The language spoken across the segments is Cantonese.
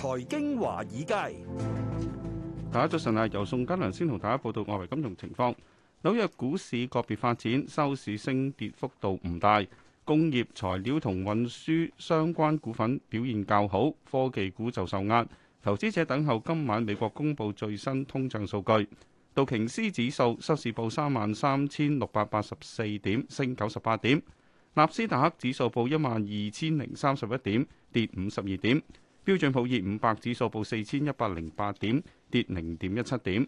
財經華爾街，大家早晨啊！由宋嘉良先同大家報道外圍金融情況。紐約股市個別發展，收市升跌幅度唔大。工業、材料同運輸相關股份表現較好，科技股就受壓。投資者等候今晚美國公布最新通脹數據。道瓊斯指數收市報三萬三千六百八十四點，升九十八點；納斯達克指數報一萬二千零三十一點，跌五十二點。標準普爾五百指數報四千一百零八點，跌零點一七點。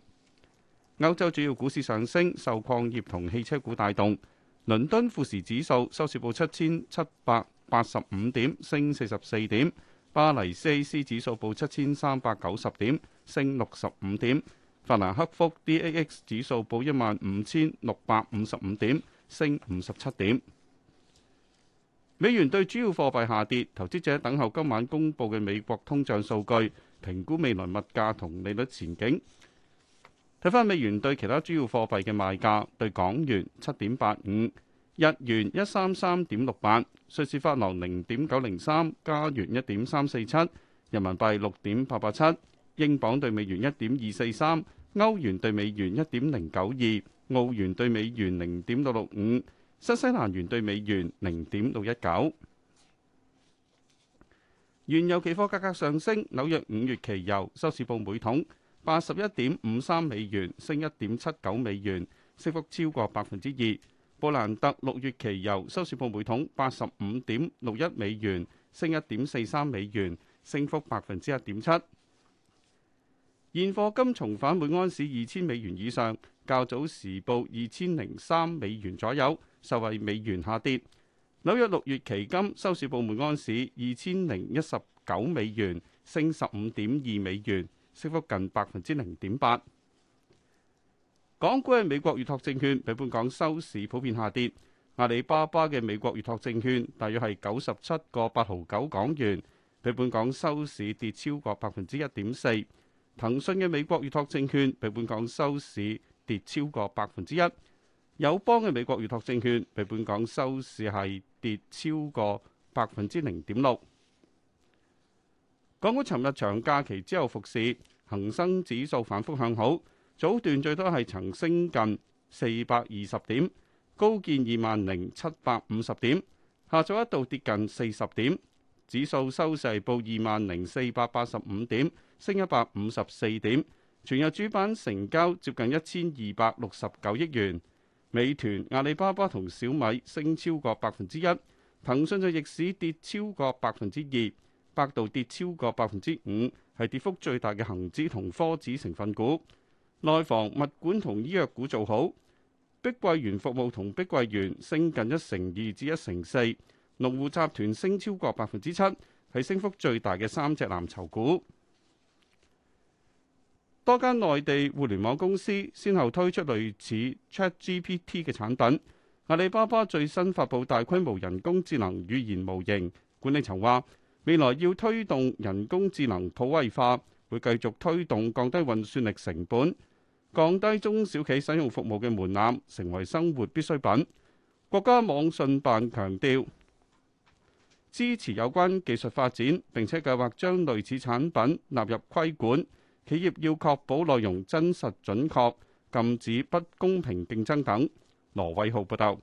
歐洲主要股市上升，受礦業同汽車股帶動。倫敦富時指數收市報七千七百八十五點，升四十四點。巴黎 CAC 指數報七千三百九十點，升六十五點。法蘭克福 DAX 指數報一萬五千六百五十五點，升五十七點。美元對主要貨幣下跌，投資者等候今晚公布嘅美國通脹數據，評估未來物價同利率前景。睇返美元對其他主要貨幣嘅賣價：對港元七點八五，日元一三三點六八，瑞士法郎零點九零三，加元一點三四七，人民幣六點八八七，英鎊對美元一點二四三，歐元對美元一點零九二，澳元對美元零點六六五。新西蘭元兌美元零點六一九，原油期貨價格上升，紐約五月期油收市報每桶八十一點五三美元，升一點七九美元，升幅超過百分之二。布蘭特六月期油收市報每桶八十五點六一美元，升一點四三美元，升幅百分之一點七。現貨金重返每安士二千美元以上，較早時報二千零三美元左右，受惠美元下跌。紐約六月期金收市報每安士二千零一十九美元，升十五點二美元，升幅近百分之零點八。港股嘅美國預託證券，比本港收市普遍下跌。阿里巴巴嘅美國預託證券大約係九十七個八毫九港元，比本港收市跌超過百分之一點四。騰訊嘅美國預託證券被本港收市跌超過百分之一，友邦嘅美國預託證券被本港收市係跌超過百分之零點六。港股尋日長假期之後復市，恒生指數反覆向好，早段最多係曾升近四百二十點，高見二萬零七百五十點，下晝一度跌近四十點，指數收市報二萬零四百八十五點。升一百五十四點，全日主板成交接近一千二百六十九億元。美團、阿里巴巴同小米升超過百分之一，騰訊就逆市跌超過百分之二，百度跌超過百分之五，係跌幅最大嘅恒指同科指成分股。內房、物管同醫藥股做好，碧桂園服務同碧桂園升近一成二至一成四，龍湖集團升超過百分之七，係升幅最大嘅三隻藍籌股。多間內地互聯網公司先後推出類似 ChatGPT 嘅產品。阿里巴巴最新發布大規模人工智能語言模型，管理層話未來要推動人工智能普惠化，會繼續推動降低運算力成本，降低中小企使用服務嘅門檻，成為生活必需品。國家網信辦強調支持有關技術發展，並且計劃將類似產品納入規管。企業要確保內容真實準確，禁止不公平競爭等。羅偉浩報道。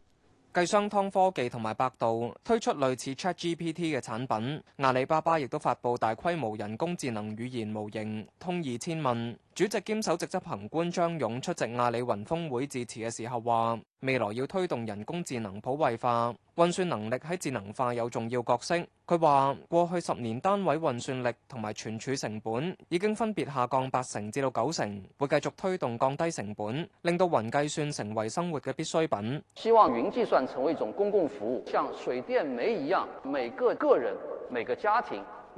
繼商湯科技同埋百度推出類似 ChatGPT 嘅產品，阿里巴巴亦都發布大規模人工智能語言模型，通義千問。主席兼首席執行官張勇出席阿里雲峰會致辭嘅時候話，未來要推動人工智能普惠化，運算能力喺智能化有重要角色。佢話過去十年單位運算力同埋存儲成本已經分別下降八成至到九成，會繼續推動降低成本，令到雲計算成為生活嘅必需品。希望雲計算成為一種公共服務，像水電煤一樣，每個個人、每個家庭。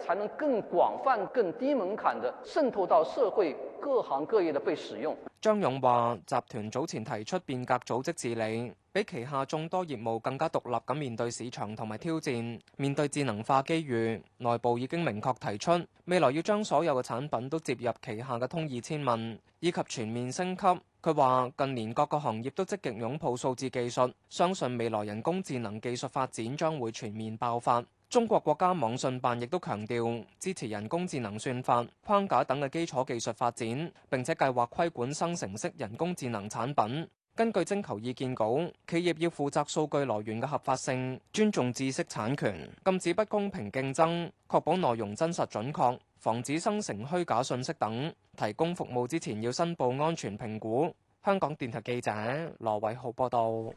才能更廣泛、更低門檻的滲透到社會各行各業的被使用。張勇話：集團早前提出變革組織治理，比旗下眾多業務更加獨立，咁面對市場同埋挑戰。面對智能化機遇，內部已經明確提出未來要將所有嘅產品都接入旗下嘅通義千問，以及全面升級。佢話近年各個行業都積極擁抱數字技術，相信未來人工智能技術發展將會全面爆發。中國國家網信辦亦都強調支持人工智能算法、框架等嘅基礎技術發展，並且計劃規管生成式人工智能產品。根據徵求意見稿，企業要負責數據來源嘅合法性、尊重知識產權、禁止不公平競爭、確保內容真實準確、防止生成虛假信息等。提供服務之前要申報安全評估。香港電台記者羅偉浩報道。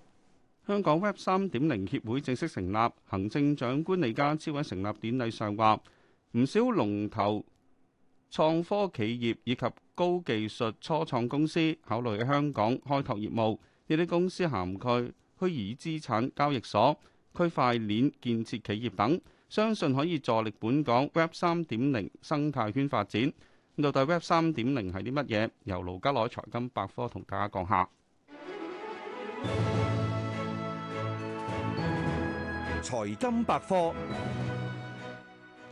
香港 Web 三點零協會正式成立，行政長官李家超喺成立典禮上話：唔少龍頭創科企業以及高技術初創公司考慮喺香港開拓業務，呢啲公司涵蓋虛擬資產交易所、區塊鏈建設企業等，相信可以助力本港 Web 三點零生態圈發展。到底 Web 三點零係啲乜嘢？由盧家磊財金百科同大家講下。財金百科，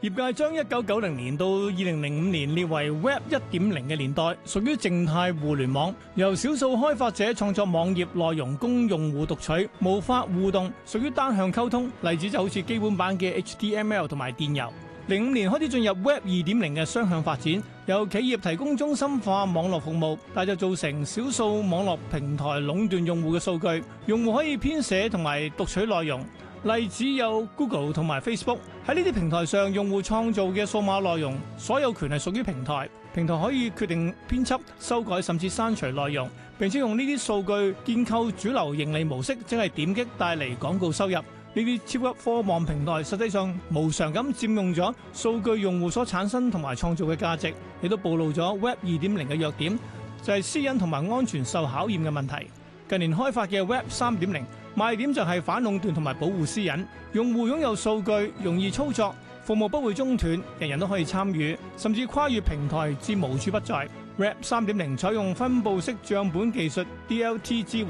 業界將一九九零年到二零零五年列為 Web 一點零嘅年代，屬於靜態互聯網，由少數開發者創作網頁內容供用戶讀取，無法互動，屬於單向溝通。例子就好似基本版嘅 HTML 同埋電郵。零五年開始進入 Web 二點零嘅雙向發展，由企業提供中心化網絡服務，但就造成少數網絡平台壟斷用戶嘅數據。用戶可以編寫同埋讀取內容。例子有 Google 同埋 Facebook，喺呢啲平台上，用戶創造嘅數碼內容所有權係屬於平台，平台可以決定編輯、修改甚至刪除內容，並且用呢啲數據建構主流盈利模式，即係點擊帶嚟廣告收入。呢啲超級科網平台實際上無償咁佔用咗數據用戶所產生同埋創造嘅價值，亦都暴露咗 Web 二點零嘅弱點，就係私隱同埋安全受考驗嘅問題。近年開發嘅 Web 三點零。賣點就係反壟斷同埋保護私隱，用戶擁有數據，容易操作，服務不會中斷，人人都可以參與，甚至跨越平台至無處不在。Web 3.0採用分布式帳本技術 （DLT） 支援，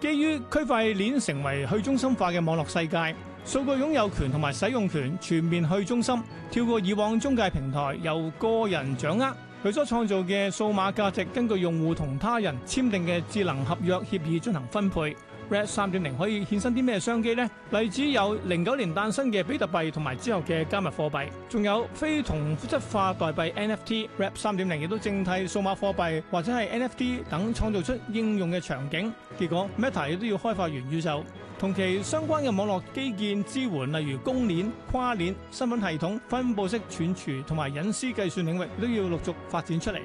基於區塊鏈成為去中心化嘅網絡世界，數據擁有權同埋使用權全面去中心，跳過以往中介平台，由個人掌握。佢所創造嘅數碼價值，根據用戶同他人簽訂嘅智能合約協議進行分配。Rap 三點零可以衍生啲咩商機呢？例子有零九年誕生嘅比特幣同埋之後嘅加密貨幣，仲有非同質化代幣 NFT。Rap 三點零亦都正替數碼貨幣或者係 NFT 等創造出應用嘅場景。結果 Meta 亦都要開發元宇宙，同其相關嘅網絡基建支援，例如公鏈、跨鏈、身份系統、分布式存儲同埋隱私計算領域，都要陸續發展出嚟。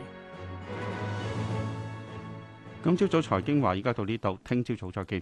今朝早財經話，依家到呢度，聽朝早再見。